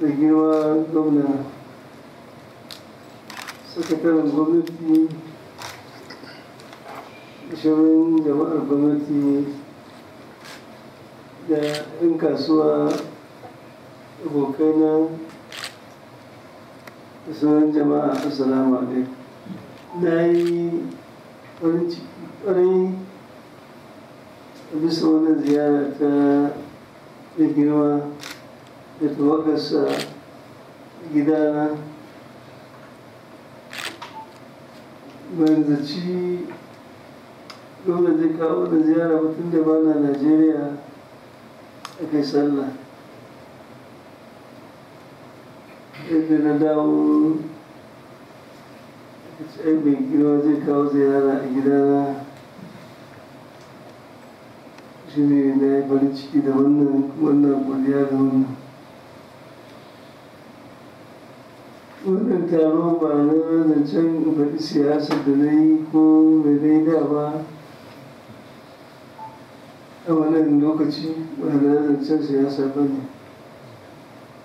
da girma gwamna sakataren gwamnati shirin jama'ar gwamnati da 'yan kasuwa abokaina da sauran jama'a assalamu alaikum na yi farin ciki ƙwarai bisa wannan ziyara ta da girma it work as gidana ban zaci dole zai kawo da ziyara mutum da bana najeriya a kai sallah yadda na dawo ai mai girma zai kawo ziyara a gida shi ne na farin ciki da wannan godiya da wannan taron ba na zancen faɗi siyasa da na yi ko yi daida ba a wannan lokaci ba na zancen siyasa ba ne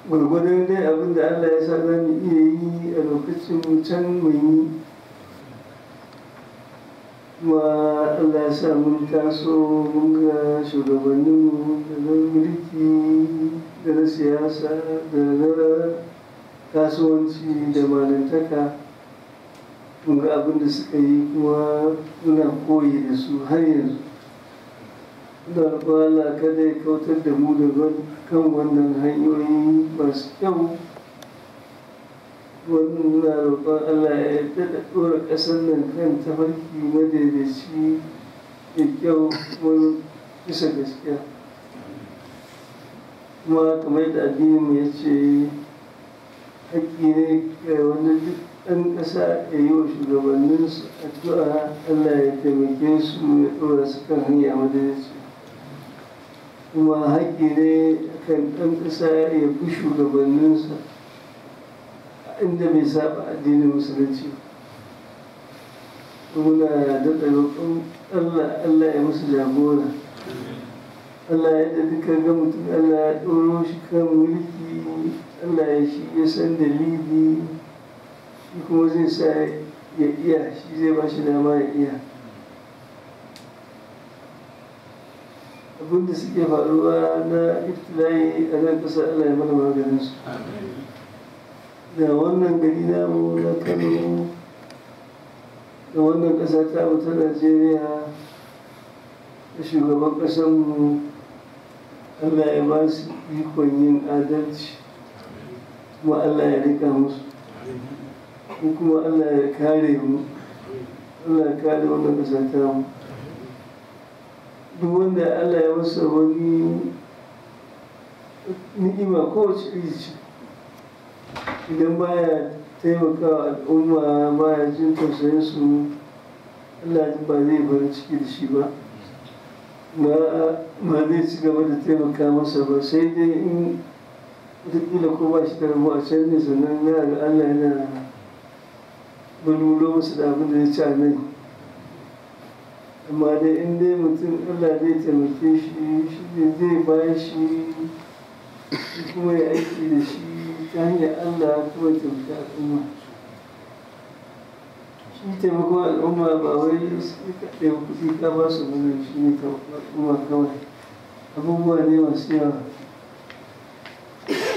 gwargwadon dai abin da allah ya sa za mu iya yi a lokacin can mai yi kuma allah ya sa mun taso mun ga shugabanninmu da na mulki da na siyasa da na kasuwanci da malantaka mun ga abin da suka yi kuma muna koyi da su har yanzu da Allah kada ya kautar da mu da kan wannan hanyoyi masu kyau wannan muna roƙon Allah ya daɗa ɗora ƙasar nan kan tafarki madaidaici da kyau wani bisa gaskiya kuma kamar da addinin ya ce حقيني ونجد أن أساء يوشد وننس الدعاء ألا يتمكيس ويحورس كان هي مدرس وما حقيني كان أن أساء يبشد وننس عند بسابع دين المسلمين ومنا دقلوا ألا ألا يمس جابونا Allah ya da duka ga mutum Allah ya ɗoro shi kan mulki Allah ya shi ya san dalili shi kuma zai sa ya iya shi zai ba shi dama ya iya abinda suke faruwa na iftilayi a kan kasa Allah ya mana maganinsu da wannan gari namu na kano da wannan kasa ta mutu ta najeriya da shugaban mu. Allah ya ba su ikon yin adalci kuma Allah ya rika musu ko kuma Allah ya kare mu Allah ya kare wannan kasanta mu duk wanda Allah ya wasa wani ni'ima kowace iri idan baya taimakawa al'umma baya jin tausayin su Allah ba zai bar ciki da shi ba ba zai ci gaba da taimaka masa ba sai dai in wataƙila ko ba shi da rabu a can ne sannan ya ga Allah yana balulo masa da abin da ya ci a nan amma dai in dai mutum Allah zai taimake shi shi ne zai ba shi kuma ya aiki da shi ta hanyar Allah kuma ya taimaki al'umma. shi taimakon al'umma ba wai kaɗai kuɗi ka ba su bane shi ne al'umma kawai abubuwa ne masu yawa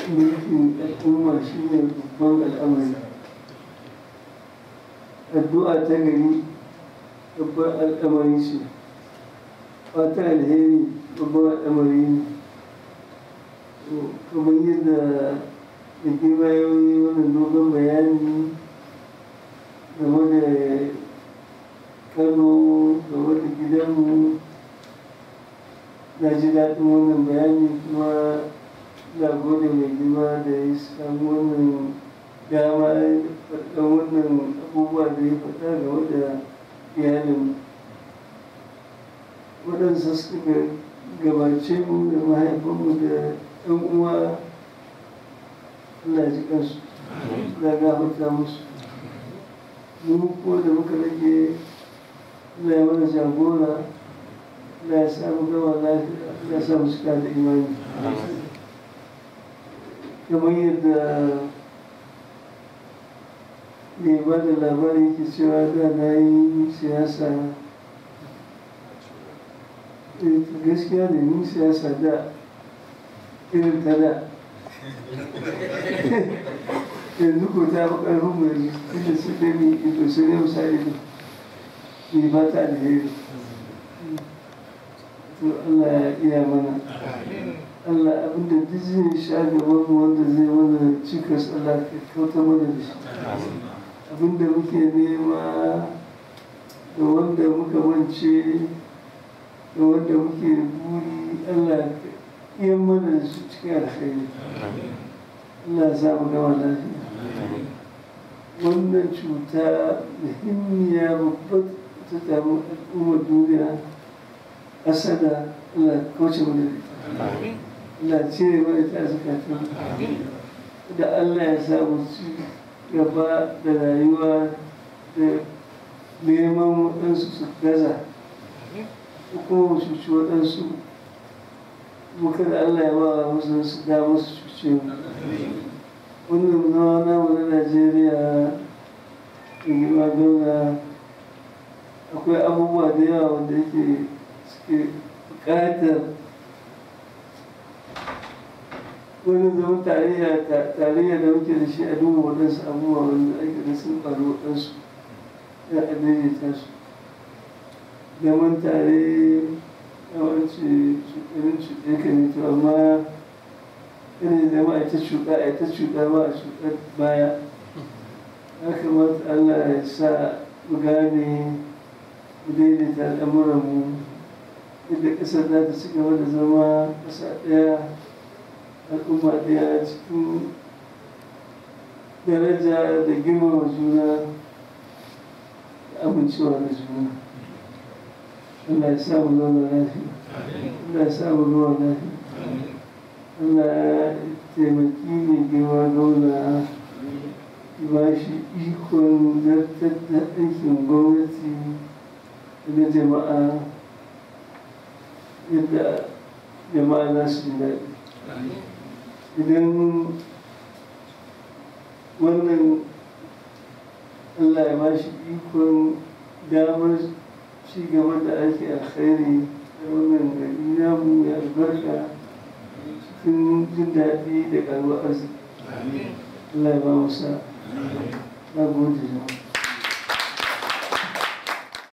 mulkin al'umma shi ne babban al'amari addu'a ta gari babban al'amari ce fata alheri babban al'amari ne kamar da girma yayi wannan dogon bayani game da kano da da gidanmu na ji daɗin wannan bayani kuma na gode mai girma da ya samu wannan dama faɗan wannan abubuwa da ya faɗa ga da iyalin waɗansu suka gabace mu da mahaifinmu da ɗan uwa Allah ji kansu da gafarta musu mu ko da muka rage Allah jagora Allah samu da yadda mai ba da da yi siyasa eh, gaskiya da yi siyasa da da yanzu eh, ko ta fi ƙarfin mu kuma tunda su ɗan ne ito sai dai misali ne ni ba ta alheri to Allah ya iya mana Allah abinda duk zai sha gaban mu wanda zai mana cika Allah ka kauta mana da shi abinda muke nema da wanda muka wance da wanda muke buri Allah ka iya mana da shi cikin alheri Allah sa mu gama lafiya wannan cuta muhimmiya babbar ta damu al'ummar duniya asada Allah kauce mana da Allah cire mana ta zakatun da Allah ya samu ci gaba da rayuwa da neman waɗansu su gaza ko kuma su ci waɗansu muka da Allah ya ba musu su da musu shi wannan gawa namu na najeriya rigima dole akwai abubuwa da yawa wanda yake suke buƙatar wani zama tarihi da muke da shi a duba waɗansu abubuwa wanda ake da sun faru waɗansu da a daidaita su zaman tare yawanci cuɗin cuɗe kan yi to amma irin zama a ta shuka a ta shuka ba a shuka baya ya kamata allah ya sa mu gane mu daidaita al'amuranmu inda ƙasar za ta ci gaba da zama ƙasa ɗaya al'umma ɗaya cikin daraja da girma girmama juna da amincewa da juna allah ya sa mu zauna lafiya allah ya sa mu ruwa lafiya Allah taimaki mai girma dole ba shi ikon zartar da aikin gwamnati na jama'a yadda jama'a za su daɗi idan wannan Allah ya ba shi ikon damar ci gaba da ake alkhairi da wannan gari namu ya albarka cikin jin daɗi da ƙaruwa arziki Allah ya ba mu sa'a na gode jama'a